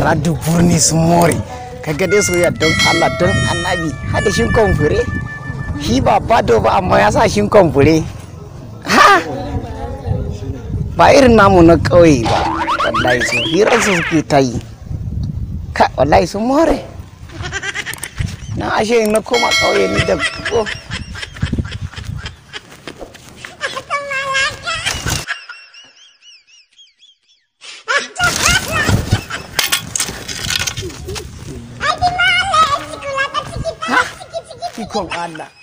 radu burni sun more kaga dai ya don allah don annabi hada shin fure shi ba fado ba amma ya sa shin ha ba irin namu na ƙauye ba wallahi su hirar su suke ta yi ka wallahi su more na ashe na koma ƙauye ni da ikon Allah